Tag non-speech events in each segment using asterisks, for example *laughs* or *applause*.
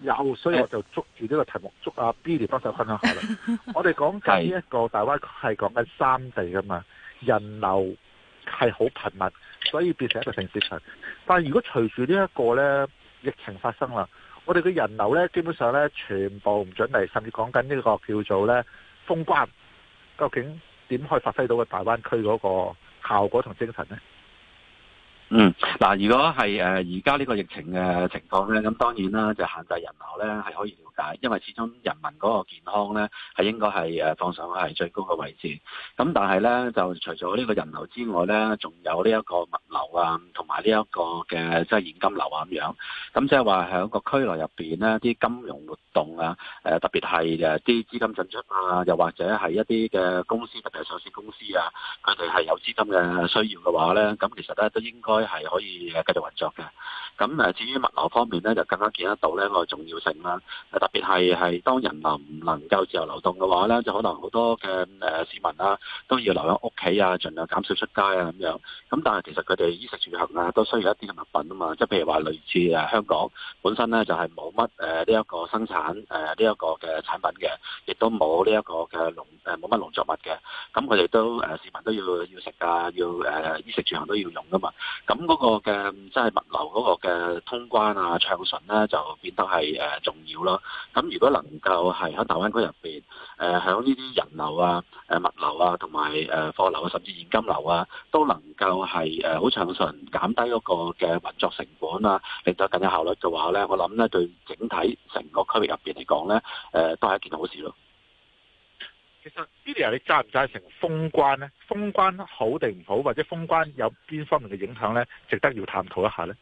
有，所以我就捉住呢個題目，捉阿 Billy 幫手分享下啦。 *laughs* 我哋講緊呢一個大灣區係講緊三地噶嘛，人流係好頻密，所以變成一個城市群。但係如果隨住呢一個呢疫情發生啦，我哋嘅人流呢基本上呢全部唔準嚟，甚至講緊呢個叫做呢封關。究竟點可以發揮到個大灣區嗰個效果同精神呢？嗯，嗱，如果係誒而家呢個疫情嘅情況咧，咁當然啦，就限制人流咧，係可以。因為始終人民嗰個健康咧，係應該係誒放上去係最高嘅位置。咁但係咧，就除咗呢個人流之外咧，仲有呢一個物流啊，同埋呢一個嘅即係現金流啊咁樣。咁即係話喺個區內入邊咧，啲金融活動啊，誒特別係誒啲資金進出啊，又或者係一啲嘅公司特別係上市公司啊，佢哋係有資金嘅需要嘅話咧，咁其實咧都應該係可以誒繼續運作嘅。咁誒至於物流方面咧，就更加見得到咧個重要性啦。特別係係當人流唔能夠自由流動嘅話咧，就可能好多嘅誒市民啦，都要留喺屋企啊，儘量減少出街啊咁樣。咁但係其實佢哋衣食住行啊，都需要一啲嘅物品啊嘛。即係譬如話，類似啊，香港本身咧就係冇乜誒呢一個生產誒呢一個嘅產品嘅，亦都冇呢一個嘅農誒冇乜農作物嘅。咁佢哋都誒市民都要要食啊，要誒衣食住行都要用噶嘛。咁嗰個嘅即係物流嗰個嘅通關啊暢順咧，就變得係誒重要咯。咁如果能夠係喺大灣區入邊，誒響呢啲人流啊、誒物流啊、同埋誒貨流啊，甚至現金流啊，都能夠係誒好暢順，減低嗰個嘅運作成本啊，令到更有效率嘅話咧，我諗咧對整體成個區域入邊嚟講咧，誒、呃、都係一件好事咯。其實呢啲人你贊唔贊成封關咧？封關好定唔好，或者封關有邊方面嘅影響咧？值得要探討一下咧。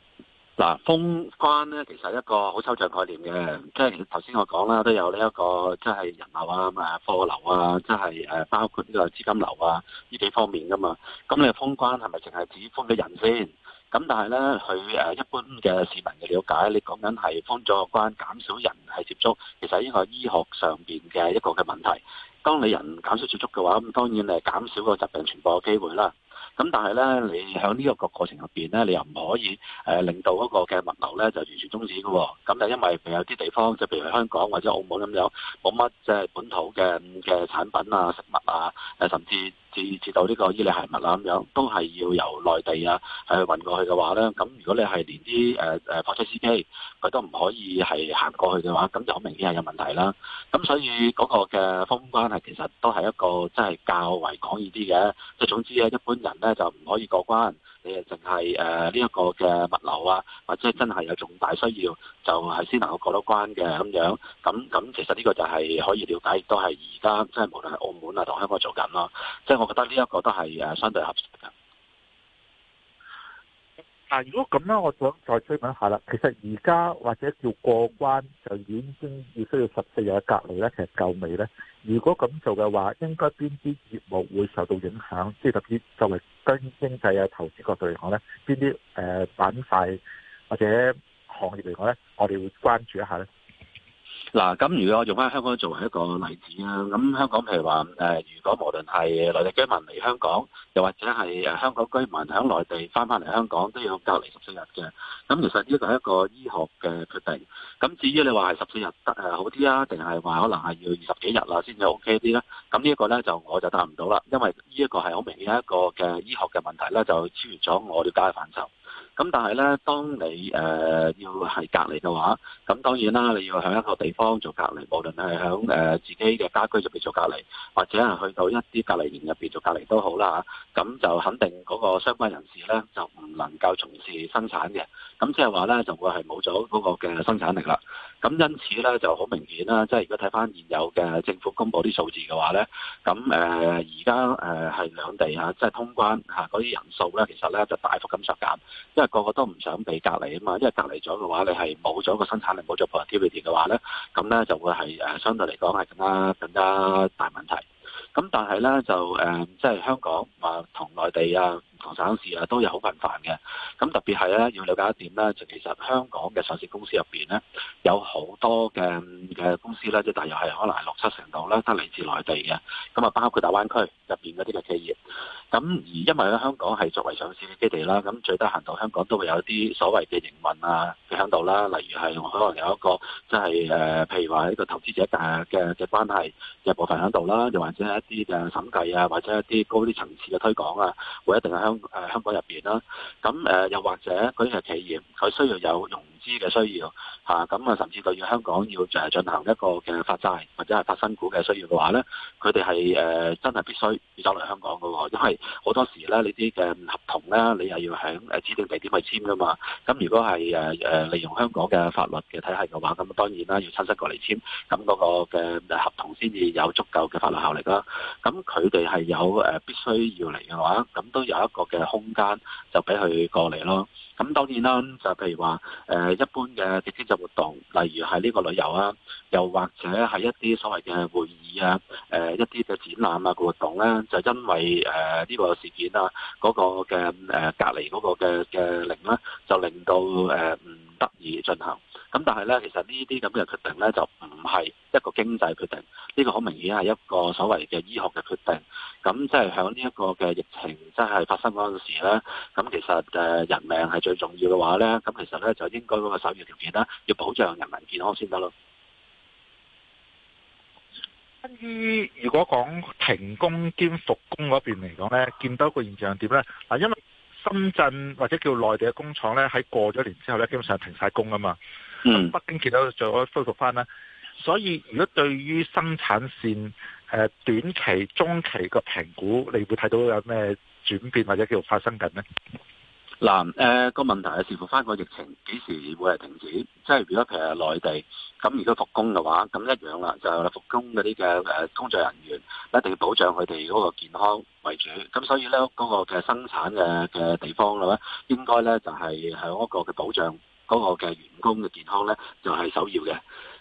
嗱封關咧，其實一個好抽象概念嘅，即係頭先我講啦，都有呢一個即係人流啊、誒貨流啊、即係包括呢個資金流啊，呢幾方面噶嘛。咁你封關係咪淨係指封嘅人先？咁但係咧，佢一般嘅市民嘅了解，你講緊係封咗關，減少人係接觸，其實呢個係醫學上面嘅一個嘅問題。當你人減少接觸嘅話，咁當然係減少個疾病傳播嘅機會啦。咁但係咧，你喺呢個個過程入邊咧，你又唔可以、呃、令到嗰個嘅物流咧就完全中止嘅喎。咁就因為譬如有啲地方，就譬如香港或者澳門咁樣冇乜即係本土嘅嘅產品啊、食物啊，啊甚至。接接到呢個醫療械物啊，咁樣都係要由內地啊係運過去嘅話咧，咁如果你係連啲誒誒貨車司機佢都唔可以係行過去嘅話，咁就好明顯係有問題啦。咁所以嗰個嘅封關係其實都係一個真係較為廣義啲嘅，即係總之咧一般人咧就唔可以過關，你誒淨係誒呢一個嘅物流啊，或者真係有重大需要就係先能夠過到關嘅咁樣。咁咁其實呢個就係可以瞭解，亦都係而家即係無論係。本來，同香港做緊咯，即係我覺得呢一個都係誒相對合適嘅。嗱，如果咁咧，我想再追問一下啦。其實而家或者叫過關，就已經要需要十四日嘅隔離咧，其實夠未咧？如果咁做嘅話，應該邊啲業務會受到影響？即係特別作為跟經濟啊、投資角度嚟講咧，邊啲誒板塊或者行業嚟講咧，我哋會關注一下咧。嗱，咁如果我用翻香港作為一個例子啊，咁香港譬如話，誒，如果無論係內地居民嚟香港，又或者係香港居民喺內地翻返嚟香港，都要隔離十四日嘅。咁其實呢個係一個醫學嘅決定。咁至於你話係十四日得誒好啲啊，定係話可能係要二十幾日啦先至 OK 啲啦？咁呢一個咧就我就答唔到啦，因為呢一個係好明顯一個嘅醫學嘅問題啦，就超越咗我瞭解嘅範疇。咁但係咧，當你誒、呃、要係隔離嘅話，咁當然啦，你要響一個地方做隔離，無論係響誒自己嘅家居入邊做隔離，或者係去到一啲隔離營入邊做隔離都好啦吓。咁就肯定嗰個相關人士咧，就唔能夠從事生產嘅。咁即係話咧，就會係冇咗嗰個嘅生產力啦。咁因此咧就好明顯啦，即係如果睇翻現有嘅政府公布啲數字嘅話咧，咁誒而家誒係兩地嚇、啊，即係通關嗰啲、啊、人數咧，其實咧就大幅咁削減，因為個個都唔想被隔離啊嘛，因為隔離咗嘅話，你係冇咗個生產力，冇咗 productivity 嘅話咧，咁咧就會係相對嚟講係更加更加大問題。咁但係咧就、呃、即係香港同內地啊。省市啊，都有好頻繁嘅。咁特別係咧，要了解一點咧，就其實香港嘅上市公司入邊咧，有好多嘅嘅公司咧，即大約係可能係六七成度啦，都嚟自內地嘅。咁啊，包括大灣區入邊嗰啲嘅企業。咁而因為咧，香港係作為上市嘅基地啦，咁最低限度香港都會有一啲所謂嘅營運啊，佢響度啦。例如係可能有一個即係誒，譬如話呢個投資者大嘅嘅關係，有部分響度啦，又或者係一啲嘅審計啊，或者一啲高啲層次嘅推廣啊，會一定係香。誒香港入面啦，咁誒、呃、又或者佢啲嘅企業，佢需要有融資嘅需要吓，咁啊甚至對於香港要進行一個嘅發債或者係發新股嘅需要嘅話咧，佢哋係誒真係必須要走嚟香港嘅喎，因為好多時咧你啲嘅合同咧，你又要喺指定地點去簽噶嘛，咁如果係誒、呃、利用香港嘅法律嘅體系嘅話，咁當然啦要親身過嚟簽，咁嗰個嘅合同先至有足夠嘅法律效力啦。咁佢哋係有誒必須要嚟嘅話，咁都有一個嘅空間就俾佢過嚟咯。咁當然啦、啊，就譬如話誒、呃、一般嘅啲經濟活動，例如喺呢個旅遊啊，又或者係一啲所謂嘅會議啊、誒、呃、一啲嘅展覽啊活動咧、啊，就因為誒呢、呃這個事件啊嗰、那個嘅誒、呃、隔離嗰個嘅嘅令咧，就令到誒唔、呃、得以進行。咁但係咧，其實呢啲咁嘅決定咧，就唔係一個經濟決定，呢個好明顯係一個所謂嘅醫學嘅決定。咁即係響呢一個嘅疫情，真係發生嗰陣時咧，咁其實誒人命係最重要嘅話咧，咁其實咧就應該嗰個首要條件啦，要保障人民健康先得咯。關於如果講停工兼復工嗰邊嚟講咧，見到一個現象點咧，嗱，因為深圳或者叫內地嘅工廠咧，喺過咗年之後咧，基本上停曬工啊嘛。嗯、北京其他仲可以恢復翻啦，所以如果對於生產線誒短期、中期嘅評估，你會睇到有咩轉變或者繼續發生緊呢？嗱、嗯，誒、呃嗰個問題係視乎翻個疫情幾時會係停止，即係如果其實係內地咁，如果復工嘅話，咁一樣啦，就係復工嗰啲嘅誒工作人員一定要保障佢哋嗰個健康為主，咁所以咧嗰、嗰個嘅生產嘅嘅地方咧，應該咧就係喺一個嘅保障。嗰個嘅員工嘅健康咧，就係首要嘅。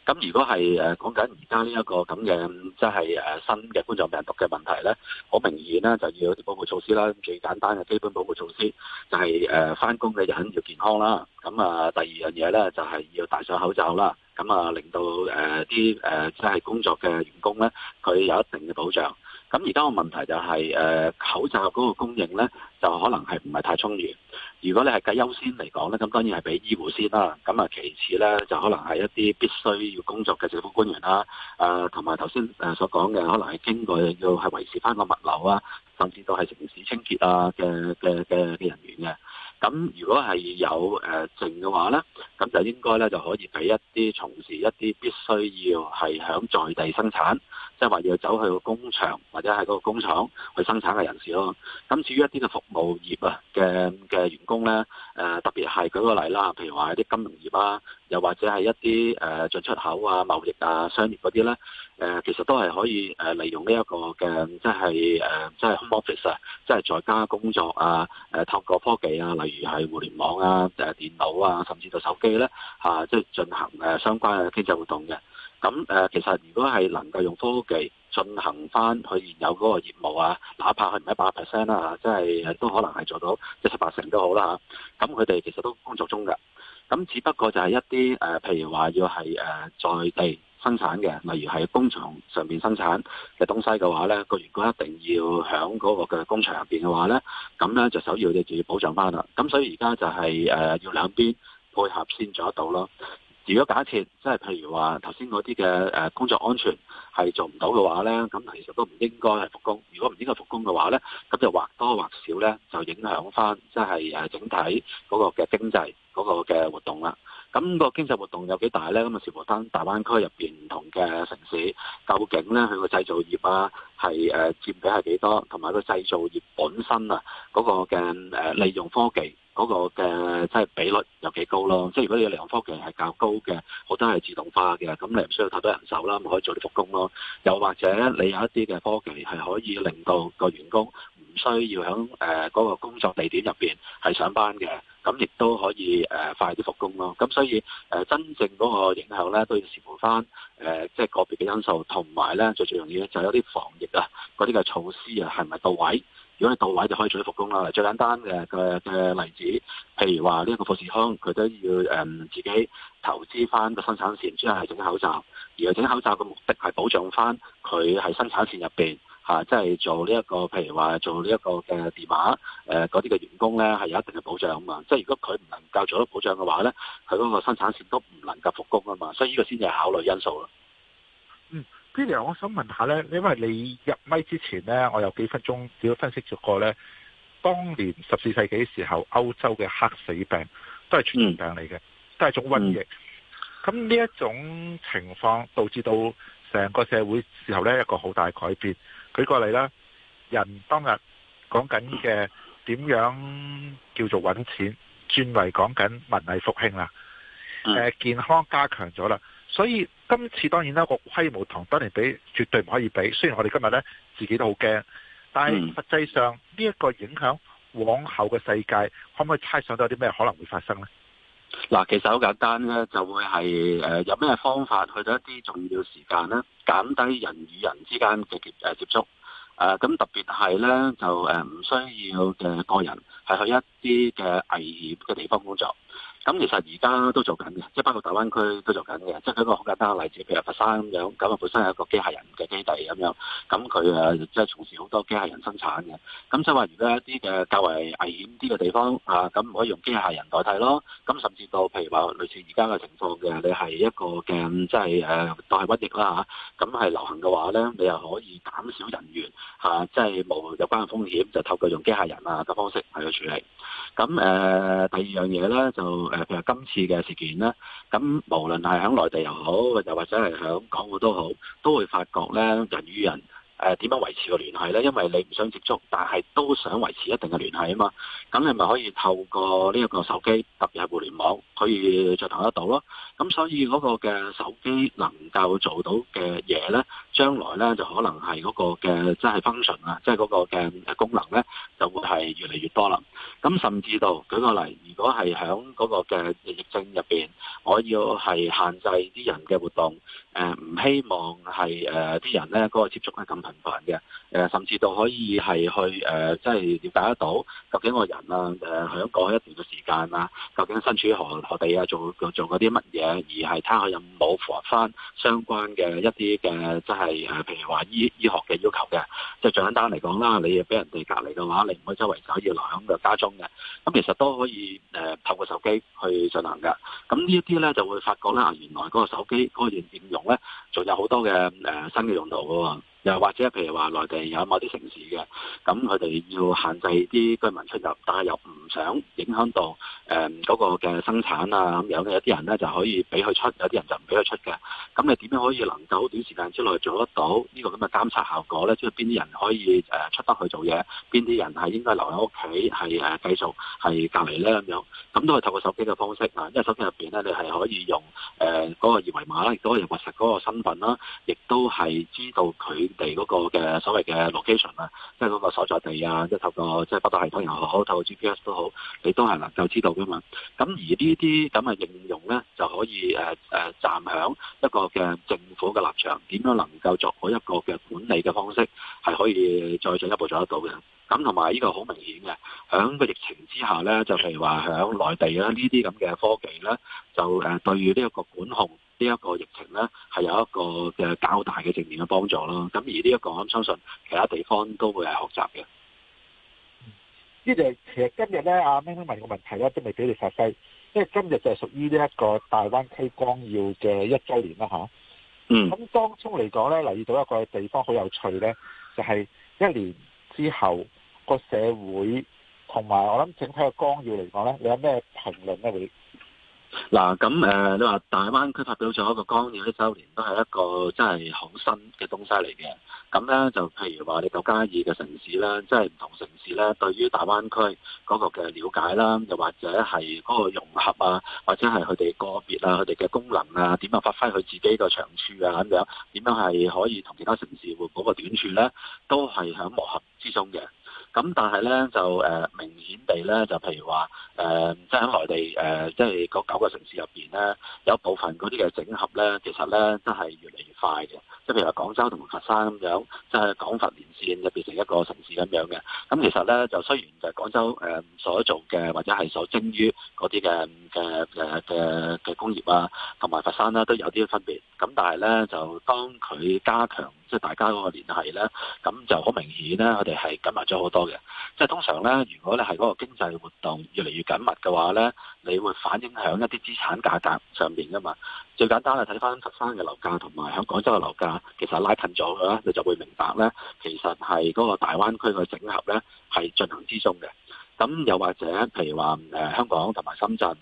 咁如果係誒講緊而家呢一個咁嘅，即係誒新嘅冠狀病毒嘅問題咧，好明顯呢就要有啲保護措施啦。最簡單嘅基本保護措施就係誒翻工嘅人要健康啦。咁啊，第二樣嘢咧就係要戴上口罩啦。咁啊，令到誒啲誒即係工作嘅員工咧，佢有一定嘅保障。咁而家個問題就係、是，誒、呃、口罩嗰個供應咧，就可能係唔係太充裕。如果你係計優先嚟講咧，咁當然係俾醫護先啦。咁啊，其次咧就可能係一啲必須要工作嘅政府官員啦。啊、呃，同埋頭先誒所講嘅，可能係經過要係維持翻個物流啊，甚至到係城市清潔啊嘅嘅嘅嘅人員嘅。咁如果係有誒證嘅話呢，咁就應該呢就可以俾一啲從事一啲必須要係喺在在地生產，即係話要走去工場或者係嗰個工廠去生產嘅人士咯。咁至於一啲嘅服務業啊嘅嘅員工呢，誒特別係舉個例啦，譬如話一啲金融業啊，又或者係一啲誒進出口啊、貿易啊、商業嗰啲呢。誒其實都係可以誒利用呢、這、一個嘅，即係誒即係 home office 啊，即係在家工作啊，誒透過科技啊，例如係互聯網啊、誒電腦啊，甚至到手機咧、啊、嚇，即、就、係、是、進行相關嘅經濟活動嘅。咁誒其實如果係能夠用科技進行翻佢現有嗰個業務啊，哪怕佢唔係一百 percent 啦，即係都可能係做到一七八成都好啦、啊、嚇。咁佢哋其實都工作中㗎。咁只不過就係一啲誒，譬如話要係誒在地生產嘅，例如係工廠上邊生產嘅東西嘅話，呢個如果一定要喺嗰個嘅工廠入邊嘅話，呢咁呢就首要就就要保障翻啦。咁所以而家就係、是、誒、呃、要兩邊配合先做得到咯。如果假設即係譬如話頭先嗰啲嘅誒工作安全係做唔到嘅話，呢咁其實都唔應該係復工。如果唔應該復工嘅話，呢咁就或多或少呢就影響翻即係誒整體嗰個嘅經濟嗰個嘅活動啦。咁、那個經濟活動有幾大呢？咁啊，小河山大灣區入面唔同嘅城市，究竟呢？佢個製造業啊，係誒佔比係幾多？同埋個製造業本身啊，嗰個嘅誒利用科技嗰個嘅即係比率有幾高咯？即係如果你嘅利用科技係較高嘅，好多係自動化嘅，咁你唔需要太多人手啦，咪可以做啲復工咯。又或者你有一啲嘅科技係可以令到個員工。需要喺誒嗰個工作地點入邊係上班嘅，咁亦都可以誒快啲復工咯。咁所以誒真正嗰個影響咧都要視乎翻誒即係個別嘅因素，同埋咧最最重要咧就係有啲防疫啊嗰啲嘅措施啊係咪到位？如果係到位就可以早啲復工啦。最簡單嘅嘅嘅例子，譬如話呢一個富士康，佢都要誒、嗯、自己投資翻個生產線，主要係整口罩，而係整口罩嘅目的係保障翻佢喺生產線入邊。啊，即係做呢，這、一個，譬如話做呢一個嘅電話誒，嗰啲嘅員工咧係有一定嘅保障啊嘛。即係如果佢唔能夠做到保障嘅話咧，佢嗰個生產線都唔能夠復工啊嘛。所以呢個先至係考慮因素咯。嗯 p e 我想問下咧，因為你入咪之前咧，我有幾分鐘要分析咗過咧，當年十四世紀時候歐洲嘅黑死病都係傳染病嚟嘅，嗯，都係種瘟疫。咁，嗯、呢一種情況導致到成個社會時候咧一個好大改變。舉個例啦，人當日講緊嘅點樣叫做揾錢，轉為講緊文藝復興啦，嗯。健康加強咗啦，所以今次當然啦，個規模同當年比絕對唔可以比。雖然我哋今日呢，自己都好驚，但係實際上呢一個影響往後嘅世界，可唔可以猜想到有啲咩可能會發生呢？嗱，其實好簡單咧，就會係誒，有咩方法去到一啲重要時間咧，減低人與人之間嘅接誒接觸，誒，咁特別係咧就誒唔需要嘅個人係去一啲嘅危險嘅地方工作。咁其實而家都做緊嘅，即係包括大灣區都做緊嘅，即係一個好簡單嘅例子，譬如佛山咁樣，咁啊本身係一個機械人嘅基地咁樣，咁佢啊即係從事好多機械人生產嘅。咁即係話，而家一啲嘅較為危險啲嘅地方啊，咁唔可以用機械人代替咯。咁甚至到譬如話類似而家嘅情況嘅，你係一個嘅即係誒當係瘟疫啦嚇，咁係流行嘅話咧，你又可以減少人員嚇，即係冇有關嘅風險，就透過用機械人啊嘅方式去處理。咁誒第二樣嘢咧就。誒，譬如今次嘅事件啦，咁無論係響內地又好，又或者係響港澳都好，都會發覺咧人與人。誒點樣維持個聯繫呢？因為你唔想接觸，但係都想維持一定嘅聯繫啊嘛。咁你咪可以透過呢一個手機，特別係互聯網，可以再投得到咯。咁所以嗰個嘅手機能夠做到嘅嘢呢，將來呢就可能係嗰個嘅即係 function 啊，即係嗰個嘅功能呢就會係越嚟越多啦。咁甚至到舉個例，如果係響嗰個嘅疫症入邊，我要係限制啲人嘅活動，誒、呃、唔希望係誒啲人呢嗰個接觸係咁頻嘅，誒，甚至到可以係去誒，即、呃、係、就是、了解得到究竟個人啊，誒、呃，響過去一段嘅時間啊，究竟身處何何地啊，做做啲乜嘢，而係睇下有冇符合翻相關嘅一啲嘅，即係誒，譬如話醫醫學嘅要求嘅，即係最簡單嚟講啦，你俾人哋隔離嘅話，你唔可以周圍走，要留響個家中嘅，咁其實都可以誒、呃，透過手機去進行嘅，咁呢一啲咧就會發覺啦，原來嗰個手機嗰、那個軟應用咧，仲有好多嘅誒、呃、新嘅用途嘅喎、啊。又或者譬如話，內地有某啲城市嘅，咁佢哋要限制啲居民出入，但係又唔想影響到誒嗰個嘅生產啊，咁樣嘅，有啲人咧就可以俾佢出，有啲人就唔俾佢出嘅。咁你點樣可以能夠短時間之內做得到呢個咁嘅監察效果咧？即係邊啲人可以誒出得去做嘢，邊啲人係應該留喺屋企係繼續係隔離咧咁樣？咁都係透過手機嘅方式啊，因為手機入面咧，你係可以用誒嗰個二維碼咧，亦都可以核實嗰個身份啦，亦都係知道佢。地嗰個嘅所謂嘅 location 啦，即係嗰個所在地啊，即係透過即係北斗系統又好，透過 GPS 都好，你都係能夠知道噶嘛。咁而呢啲咁嘅應用咧，就可以誒誒站響一個嘅政府嘅立場，點樣能夠作好一個嘅管理嘅方式，係可以再進一步做得到嘅。咁同埋呢個好明顯嘅，響個疫情之下咧，就譬如話響內地咧，呢啲咁嘅科技咧，就誒對於呢一個管控。呢、這、一個疫情咧，係有一個嘅較大嘅正面嘅幫助咯。咁而呢、這、一個，我相信其他地方都會係學習嘅。呢度其實今日咧，阿 Ming Ming 問個問題咧，都未俾你發揮，因為今日就係屬於呢一個大灣區光耀嘅一周年啦嚇。嗯。咁當中嚟講咧，留意到一個地方好有趣咧，就係一年之後個社會同埋我諗整體嘅光耀嚟講咧，你有咩評論咧會？嗱咁誒，你話大灣區發表咗一個綱要一周年，都係一個真係好新嘅東西嚟嘅。咁咧就譬如話，你九加二嘅城市啦，即係唔同城市咧，對於大灣區嗰個嘅了解啦，又或者係嗰個融合啊，或者係佢哋個別啊，佢哋嘅功能啊，點樣發揮佢自己嘅長處啊，咁樣點樣係可以同其他城市彌補嗰個短處咧，都係喺磨合之中嘅。咁但係咧就，誒明顯地咧，就譬如話誒，即係喺內地誒，即係嗰九個城市入面咧，有部分嗰啲嘅整合咧，其實咧，真係越嚟越快嘅，即係譬如話廣州同埋佛山咁樣，即係廣佛連線就變成一個城市咁樣嘅。咁其實咧就，雖然就廣州誒、呃、所做嘅或者係所精於嗰啲嘅嘅嘅嘅嘅工業啊，同埋佛山啦都有啲分別。咁但係咧就，當佢加強即、係、大家嗰個聯繫咧，咁就好明顯咧，我哋係緊密咗好多。即係通常呢，如果你係嗰個經濟活動越嚟越緊密嘅話呢，你會反映響一啲資產價格上面噶嘛。最簡單係，睇翻佛山嘅樓價同埋喺廣州嘅樓價，其實拉近咗嘅，你就會明白呢，其實係嗰個大灣區嘅整合呢，係進行之中嘅。咁又或者譬如話誒香港同埋深圳誒，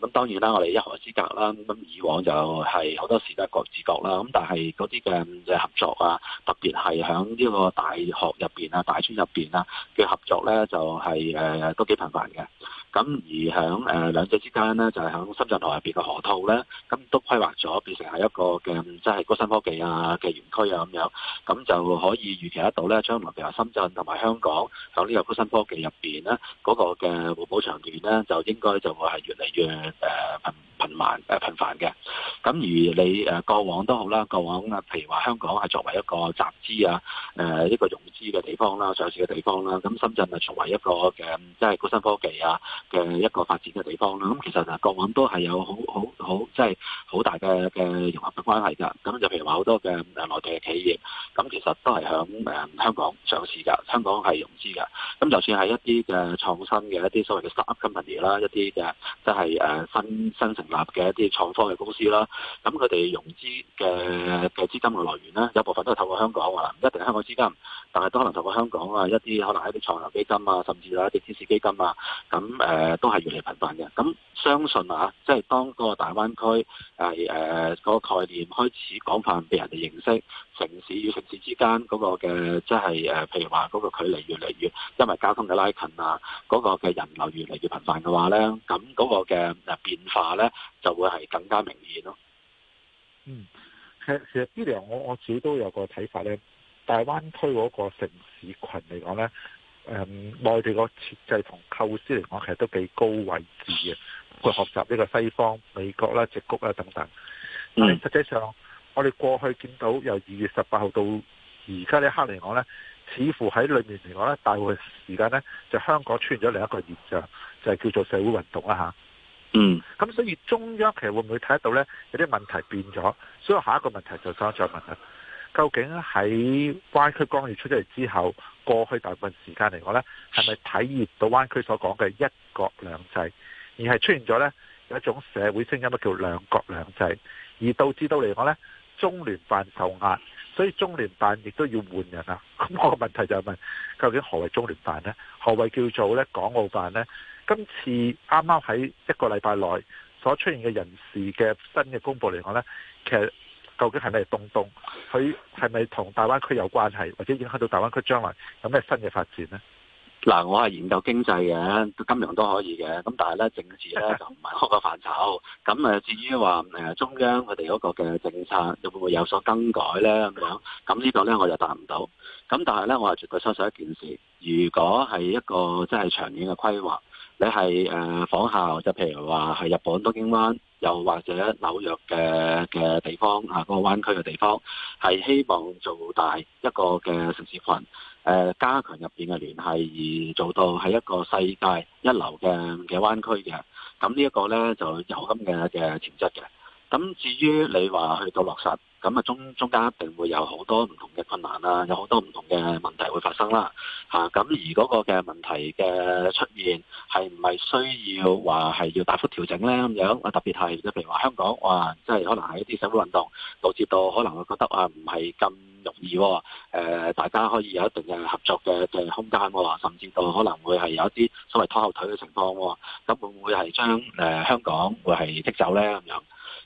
咁當然啦，我哋一河之隔啦。咁以往就係好多時都係各自各啦。咁但係嗰啲嘅合作啊，特別係喺呢個大學入邊啊、大專入邊啊嘅合作咧，就係誒都幾頻繁嘅。咁而喺誒兩者之間咧，就係喺深圳河入邊嘅河套咧，咁都規劃咗變成係一個嘅即係高新科技啊嘅園區啊咁樣，咁就可以預期得到咧，將來譬如話深圳同埋香港喺呢個高新科技入邊咧。嗰、那個嘅互補長短咧，就應該就會係越嚟越誒。Uh 頻繁誒頻繁嘅，咁如你誒過往都好啦，過往啊，譬如話香港係作為一個集資啊誒一個融資嘅地方啦，上市嘅地方啦，咁深圳咪作為一個嘅即係高新科技啊嘅一個發展嘅地方啦，咁其實就過往都係有好好好即係好大嘅嘅融合嘅關係㗎，咁就譬如話好多嘅誒內地嘅企業，咁其實都係響誒香港上市㗎，香港係融資㗎，咁就算係一啲嘅創新嘅一啲所謂嘅 startup company 啦，一啲嘅即係誒新新型。立嘅一啲創科嘅公司啦，咁佢哋融資嘅嘅資金嘅來源呢，有部分都係透過香港㗎啦，唔一定係香港資金，但係都可能透過香港啊一啲可能一啲創投基金啊，甚至係一啲天使基金啊，咁誒、呃、都係越嚟越頻繁嘅。咁相信啊，即係當個大灣區係誒、呃嗰個概念開始廣泛被人哋認識。城市與城市之間嗰個嘅即係誒，譬如話嗰個距離越嚟越，因為交通嘅拉近啊，嗰個嘅人流越嚟越頻繁嘅話咧，咁嗰個嘅誒變化咧就會係更加明顯咯。嗯，其實其實呢樣我我自己都有個睇法咧，大灣區嗰個城市群嚟講咧，誒、嗯、內地個設計同構思嚟講，其實都幾高位置嘅，佢學習呢個西方、美國啦、矽谷啦等等，但係實際上。嗯我哋過去見到由二月十八號到而家呢一刻嚟講呢，似乎喺裏面嚟講呢，大部分時間呢，就香港出現咗另一個現象，就係、是、叫做社會運動啦。吓、啊、咁、嗯、所以中央其實會唔會睇得到呢？有啲問題變咗，所以我下一個問題就想再問啦。究竟喺灣區綱要出咗嚟之後，過去大部分時間嚟講呢係咪體現到灣區所講嘅一國兩制，而係出現咗呢有一種社會聲音都叫兩國兩制，而導致到嚟講呢。中聯辦受壓，所以中聯辦亦都要換人啊，咁我個問題就係問：究竟何為中聯辦呢？何為叫做咧港澳辦呢？今次啱啱喺一個禮拜內所出現嘅人士嘅新嘅公布嚟講呢，其實究竟係咩東東？佢係咪同大灣區有關係，或者影響到大灣區將來有咩新嘅發展呢？嗱，我係研究經濟嘅，金融都可以嘅，咁但係咧政治咧 *music* 就唔係我嘅範疇。咁誒，至於話誒中央佢哋嗰個嘅政策會唔會有所更改咧咁樣？咁呢個咧我就答唔到。咁但係咧，我係絕對相信一件事，如果係一個即係、就是、長遠嘅規劃，你係誒、呃、仿效，就譬如話係日本東京灣，又或者紐約嘅嘅地方啊，嗰個灣區嘅地方，係、啊、希望做大一個嘅城市群。誒加強入邊嘅聯繫，而做到係一個世界一流嘅嘅灣區嘅，咁呢一個呢就有咁嘅嘅潛質嘅。咁至於你話去到落實，咁啊中中間一定會有好多唔同嘅困難啦，有好多唔同嘅問題會發生啦。吓咁而嗰個嘅問題嘅出現係唔係需要話係要大幅調整咧咁樣？啊特別係譬如話香港，哇，即係可能係一啲社會運動導致到可能會覺得啊唔係咁容易、哦，喎、呃。大家可以有一定嘅合作嘅嘅空間喎、哦，甚至到可能會係有一啲所謂拖後腿嘅情況、哦，咁會唔會係將、呃、香港會係剔走咧咁樣？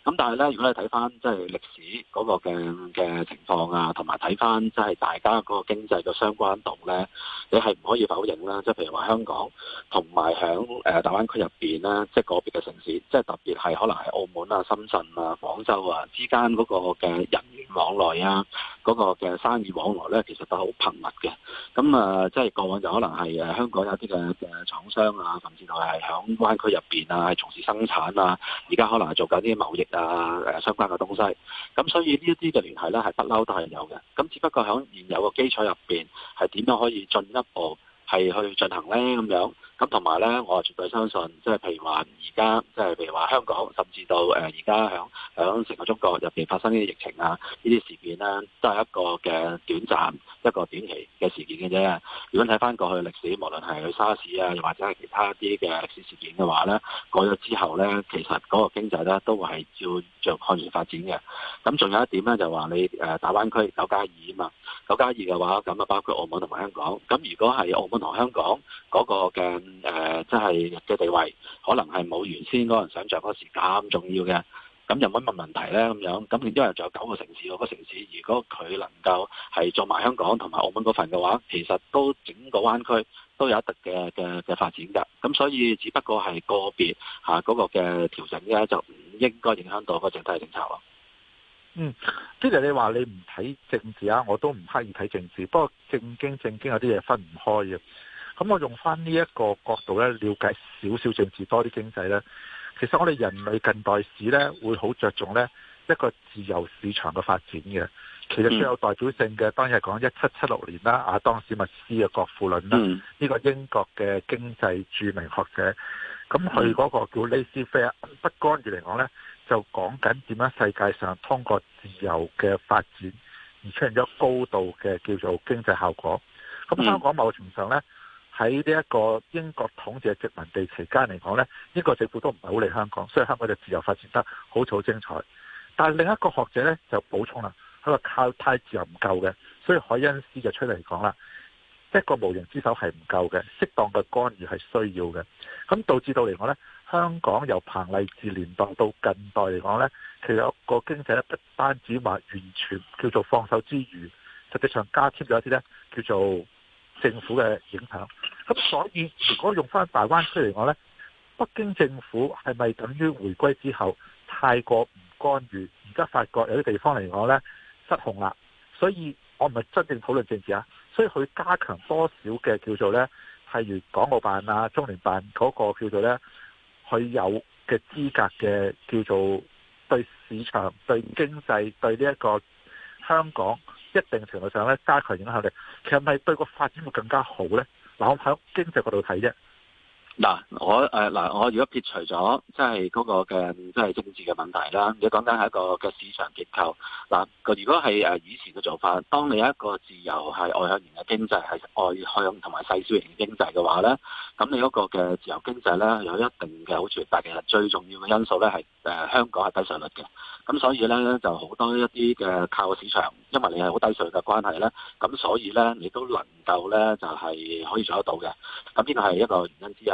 咁但係咧，如果你睇翻即係歷史嗰個嘅嘅情況啊，同埋睇翻即係大家嗰個經濟嘅相關度咧，你係唔可以否認啦。即係譬如話香港同埋喺誒大灣區入邊咧，即係個別嘅城市，即係特別係可能係澳門啊、深圳啊、廣州啊之間嗰個嘅人員往來啊，嗰個嘅生意往來咧，其實都好頻密嘅。咁啊，即係過往就可能係誒香港有啲嘅嘅廠商啊，甚至係喺灣區入邊啊，係從事生產啊，而家可能做緊啲貿易。啊，啊，啊，啊，啊，啊，相關嘅東西，咁所以呢一啲嘅聯繫咧，係不嬲都係有嘅。咁只不過喺現有嘅基礎入邊，係點樣可以進一步係去進行咧？咁樣。咁同埋咧，我絕對相信，即係譬如話，而家即係譬如話，香港甚至到誒而家響響成個中國入邊發生呢啲疫情啊，呢啲事件呢、啊、都係一個嘅短暫、一個短期嘅事件嘅啫。如果睇翻過去歷史，無論係去沙士啊，又或者係其他啲嘅歷史事件嘅話呢，過咗之後呢，其實嗰個經濟呢，都會係要着抗元發展嘅。咁仲有一點呢，就話你誒大灣區九加二啊嘛，九加二嘅話，咁啊包括澳門同埋香港。咁如果係澳門同香港嗰個嘅，誒、呃，即係嘅地位，可能係冇原先嗰個人想象嗰個時間咁重要嘅。咁有冇乜問題咧？咁樣咁，因為仲有九個城市，嗰、那個城市如果佢能夠係做埋香港同埋澳門嗰份嘅話，其實都整個灣區都有一特嘅嘅嘅發展噶。咁所以只不過係個別吓嗰個嘅調整啫，就唔應該影響到個整體政策咯。嗯，即係你話你唔睇政治啊，我都唔刻意睇政治。不過正經正經有啲嘢分唔開嘅。咁我用翻呢一個角度咧，了解少少政治多啲經濟咧。其實我哋人類近代史咧，會好着重咧一個自由市場嘅發展嘅。其實最有代表性嘅，當然係講一七七六年啦，啊，當史密斯嘅國富論啦，呢、嗯這個英國嘅經濟著名學者。咁佢嗰個叫李斯菲啊，不干涉嚟講咧，就講緊點樣世界上通過自由嘅發展而出現咗高度嘅叫做經濟效果。咁香港某程度上咧。嗯喺呢一個英國統治嘅殖民地期間嚟講呢，英國政府都唔係好理香港，所以香港就自由發展得好好精彩。但係另一個學者呢，就補充啦，佢話靠太自由唔夠嘅，所以凱恩斯就出嚟講啦，一個無形之手係唔夠嘅，適當嘅干預係需要嘅。咁導致到嚟講呢，香港由彭麗治年代到近代嚟講呢，其實個經濟呢，不單止話完全叫做放手之餘，實際上加添咗一啲呢，叫做政府嘅影響。咁所以如果用翻大灣區嚟講呢，北京政府係咪等於回歸之後太過唔干預？而家發覺有啲地方嚟講呢失控啦，所以我唔係真正討論政治啊，所以佢加強多少嘅叫做呢，例如港澳辦啊、中聯辦嗰個叫做呢，佢有嘅資格嘅叫做對市場、對經濟、對呢一個香港一定程度上呢加強影響力，其實係咪對個發展會更加好呢？我喺經濟嗰度睇啫。 *music* 嗱、啊，我誒嗱、啊，我如果撇除咗即係嗰個嘅即係政治嘅問題啦，果講緊係一個嘅市場結構。嗱、啊，個如果係誒以前嘅做法，當你一個自由係外向型嘅經濟係外向同埋細小型嘅經濟嘅話咧，咁你嗰個嘅自由經濟咧有一定嘅好處，但其實最重要嘅因素咧係誒香港係低稅率嘅，咁所以咧就好多一啲嘅靠市場，因為你係好低稅嘅關係咧，咁所以咧你都能夠咧就係可以做得到嘅。咁呢個係一個原因之一。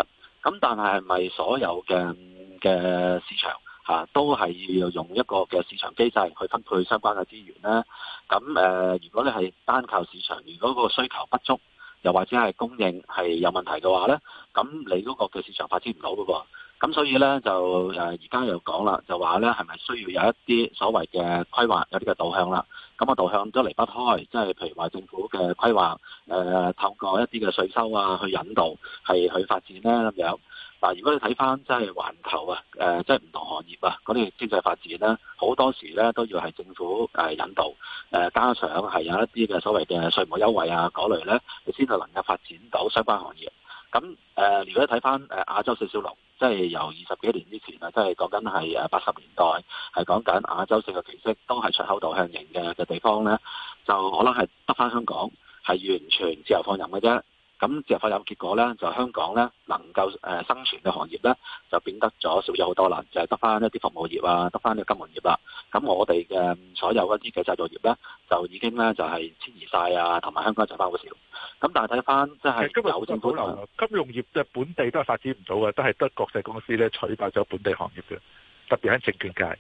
咁但係係咪所有嘅嘅市場吓都係要用一個嘅市場機制去分配相關嘅資源咧？咁誒，如果你係單靠市場，如果個需求不足，又或者係供應係有問題嘅話咧，咁你嗰個嘅市場發展唔到㗎噃。咁所以咧就誒而家又講啦，就話咧係咪需要有一啲所謂嘅規劃，有啲嘅導向啦。咁啊導向都離不開，即係譬如話政府嘅規劃，誒透過一啲嘅稅收啊去引導，係去發展咧咁樣。嗱如果你睇翻即係環球啊，即係唔同行業啊嗰啲經濟發展咧，好多時咧都要係政府引導，誒加上係有一啲嘅所謂嘅稅務優惠啊嗰類呢你先係能夠發展到相關行業。咁誒、呃，如果睇翻誒亞洲四小龍，即係由二十幾年之前啊，即係講緊係八十年代，係講緊亞洲四個奇蹟，都係出口導向型嘅嘅地方咧，就可能係得翻香港係完全自由放任嘅啫。咁自由化有結果咧，就香港咧能夠誒生存嘅行業咧，就變得咗少咗好多啦，就係得翻一啲服務業啊，得翻啲金融業啦、啊。咁我哋嘅所有一啲嘅製作業咧，就已經咧就係、是、遷移晒啊，同埋香港就翻好少。咁但係睇翻即係有金融業嘅本地都係發展唔到嘅，都係得國際公司咧取代咗本地行業嘅，特別喺證券界。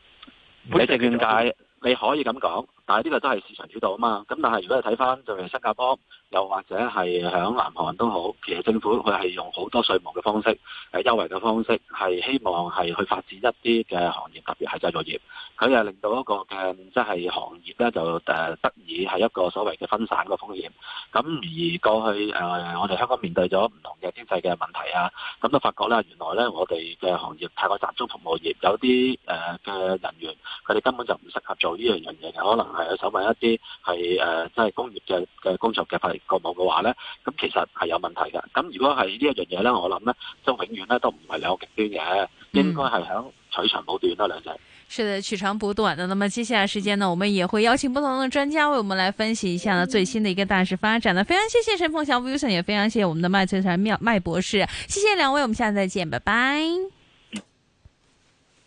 證券界，你證券界，你可以咁講。但係呢個都係市場主導啊嘛，咁但係如果你睇翻就係新加坡，又或者係響南韓都好，其實政府佢係用好多稅務嘅方式，係優惠嘅方式，係希望係去發展一啲嘅行業，特別係製造業。佢又令到一個嘅即係行業咧就得以係一個所謂嘅分散個風險。咁而過去誒我哋香港面對咗唔同嘅經濟嘅問題啊，咁都發覺呢，原來咧我哋嘅行業太過集中服務業，有啲嘅人員佢哋根本就唔適合做呢樣嘢嘅可能。想問一啲係誒，即、呃、係工業嘅嘅工作嘅係個網嘅話咧，咁其實係有問題嘅。咁如果係呢一樣嘢咧，我諗咧都永遠咧都唔係兩極端嘅，應該係響取長補短啦，兩、嗯、仔。是的，取長補短啦。那麼接下來時間呢，我們也會邀請不同的專家為我們來分析一下呢最新的一個大事發展。呢、嗯、非常謝謝陳鳳祥 Wilson 也非常謝謝我們的麥萃才妙麥博士。謝謝兩位，我們下次再見，拜拜。